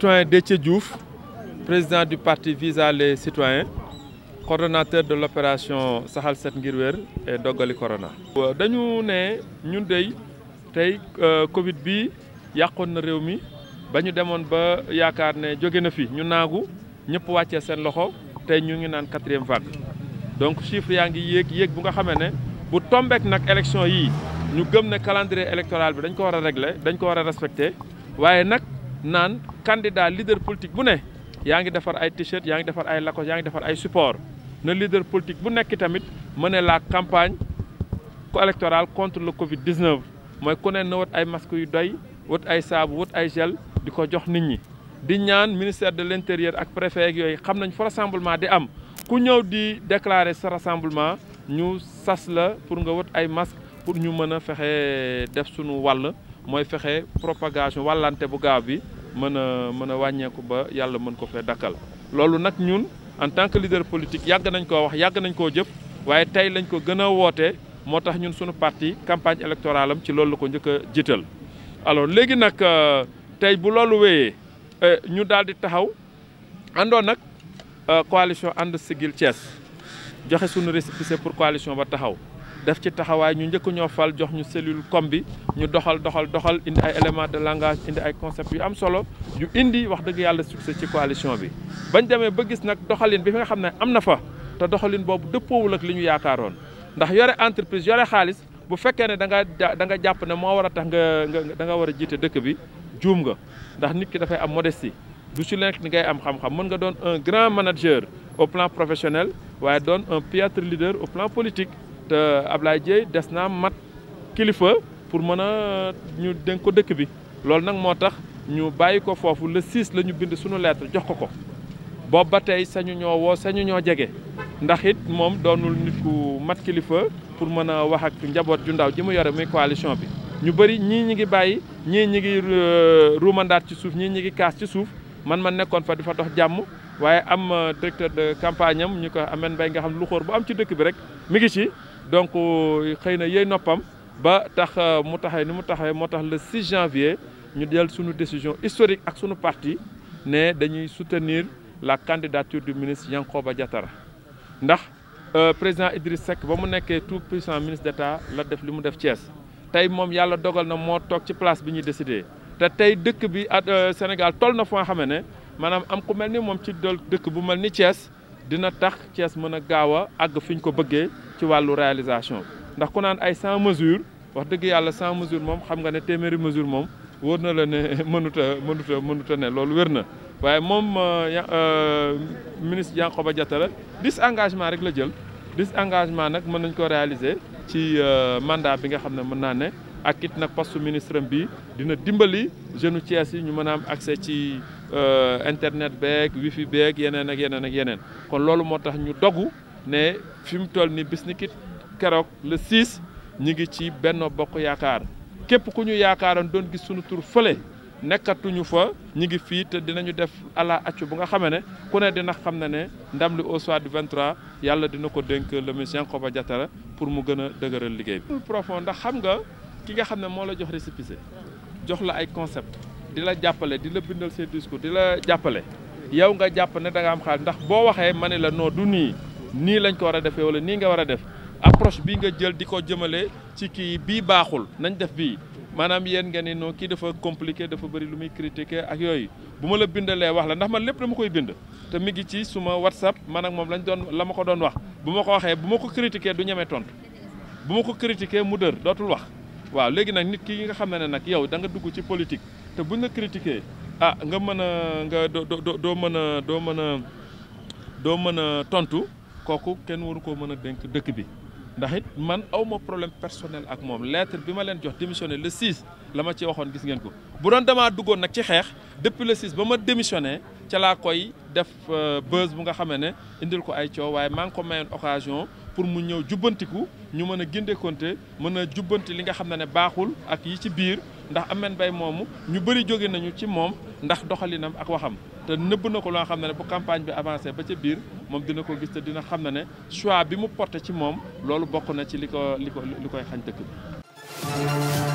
citoyen Déthié Diouf président du parti Visa les citoyens coordonnateur de l'opération Saxal Set ngir wér et doggali corona. Euh, dañu ne ñun dey tey euh, Covid bi yàqoon na réew mi ba ñu demoon ba yaakaar ne jóge na fi ñu naagu ñëpp wàccee seen loxo tey ñu ngi naan quatrième vague donc chiffre yaa ngi yéeg yéeg bu nga xamee ne bu tombeek nag élection yi ñu gëm ne calendrier électoral bi dañ ko war a régler dañ ko war a respecter waaye nag naan. candidat leader politique bu ne yaa ngi defar ay t-shirt yaa ngi defar ay lakos yaa ngi defar ay support na leader politique bu nekk tamit mener la campagne électorale contre le Covid 19 mooy ku ne na wat ay masques yu doy wat ay saabu wat ay gel di ko jox nit ñi di ñaan ministère de l' intérieur ak préfet ak yooyu xam nañ fa rassemblement di am ku ñëw di déclarer sa rassemblement ñu sas la pour nga wat ay masques pour ñu mën a fexe def sunu wàll mooy fexe propagation wàllante bu gaaw bi. mën a mën a wàññeeku ba yàlla mën ko fee dakkal loolu nag ñun en tant que leader politique yàgg nañ koo wax yàgg nañ koo jëpp waaye tey lañ ko gën a woote moo tax ñun suñu parti campagne électorale ci loolu la ko njëkk a jiital. alors léegi nag euh, tey bu loolu wéyee euh, ñu daal di taxaw àndoon nag euh, coalition ànd Siggil Thiès joxe suñu récépissé pour coalition ba taxaw. def ci taxawaay ñu njëkk ñoo fal jox ñu cellule com bi ñu doxal doxal doxal indi ay éléments de langage indi ay concepts yu am solo yu indi wax dëgg yàlla succès ci coalition bi. bañ demee ba gis nag doxalin bi nga xam ne am na fa te doxalin boobu dëppoowul ak li ñu yaakaaroon ndax yore entreprise yore xaalis bu fekkee ne da nga da nga jàpp ne moo war a tax nga nga danga war a jiite dëkk bi juum nga ndax nit ki dafay am modestie du ci nekk ni ngay am xam-xam mën nga doon un grand manager au plan professionnel waaye doon un piètre politique. te Ablaye Dieye des naa mat kilifa pour mën a ñu dénk ko dëkk bi loolu nag moo tax ñu bàyyi ko foofu le 6 la ñu bind suñu lettre jox ko ko boobu ba tey sañu ñoo woo sañu ñoo jege ndax it moom doonul nit ku mat kilifa pour mën a wax ak njaboot ju ndaw ji mu yore muy coalition bi ñu bëri ñii ñi ngi bàyyi ñii ñi ngi euh, ruumandaat ci suuf ñii ñi ngi kaas ci suuf man man nekkoon fa di fa dox jàmm waaye am euh, directeur de campagne ñu ko ameen bay nga xam lu xóor am ci dëkk bi rek mi ngi ci donc euh, xëy na yey noppam ba tax euh, mu taxee ni mu taxee moo tax le 6 janvier ñu jël suñu décision historique ak suñu parti ne dañuy soutenir la candidature du ministre Yankhoba Diattara ndax euh, président Idriss Seck ba mu nekkee tout puissant ministre d'État la def li mu def Thiès tey moom yàlla dogal na moo toog ci place bi ñuy décidé te tey dëkk bi ak Sénégal toll na foo xamee ne maanaam am ku mel ni moom ci dol dëkk bu mel ni Thiès dina tax Thiès mën a gaaw a àgg fi ñu ko bëggee ci wàllu réalisation ndax ku naan ay 100 mesures wax dëgg yàlla 100 mesures moom xam nga ne téeméeri mesure moom wóor na la ne mënuta mënuta mënuta ne loolu wér na waaye moom euh, euh, ministre Yankhoba Diattara dix engagement rek la jël dix engagement nag mën nañ ko réaliser ci euh, mandat bi nga xam ne mën naa ne ak it nag poste ministre bi dina dimbali jeunes Thiès yi ñu mën am accès ci internet beeg wifi beeg yeneen ak yeneen ak yeneen kon loolu moo tax ñu dogu ne fi mu toll ni bis ni ki keroog le 6 ñi ngi ci Benno Bokk Yaakaar képp ku ñu yaakaaroon doon gis sunu tur fële nekkatuñu fa ñi ngi fii te dinañu def ala accu bu nga xamee ne ku ne dina xam ne ne ndam li au soir vingt 23 yàlla dina ko dénk le monsieur Koba Diatara pour mu gën a dëgëral liggéey bi. profond ndax xam nga ki nga xam ne moo la jox récépissé jox la ay concept di la jàppale di la bindal seen discours di la jàppale. yow nga jàpp ne danga nga am xaalis ndax boo waxee ma ne la noo du nii nii lañ ko war a defee wala nii nga war a def approche bii nga jël di ko jëmale ci kii bii baaxul nañ def bii maanaam yéen nga ne non kii dafa compliqué dafa bëri lu muy critiqué ak yooyu bu ma la bindalee wax la ndax man lépp dama koy bind te mi ngi ci suma whatsapp man ak moom lañ doon la ma ko doon wax bu ma ko waxee bu ma ko critiqué du ñemee tontu bu ma ko critiqué mu dër dootul wax waaw léegi nag nit ki nga xam ne nag yow da nga dugg ci politique te buñ la critiqué ah nga mën a nga doo doo mën a doo mën a doo mën a tontu kooku kenn waru koo mën a dénk dëkk bi ndax it man aw ma problème personnel ak moom lettre bi ma leen jox démissionné le 6 la ma ci waxoon gis ngeen ko bu doon damaa duggoon nag ci xeex depuis le 6 ba ma démissionné ca laa koy def euh, buzz bu nga xamee ne indil ko ay coow waaye maa ngi ko mayoon occasion pour mu ñëw jubbantiku ñu mën a gindekonte mën a jubbanti li nga xam ne ne baaxul ak yi ci biir ndax Ameth Mbaye moomu ñu bëri jóge nañu ci moom ndax doxalinam ak waxam te nëbb na ko loo xam ne bu campagne bi avancé ba ca biir moom dina ko gis te dina xam ne ne choix bi mu porté ci moom loolu bokk na ci li ko li ko li koy xañ dëkk bi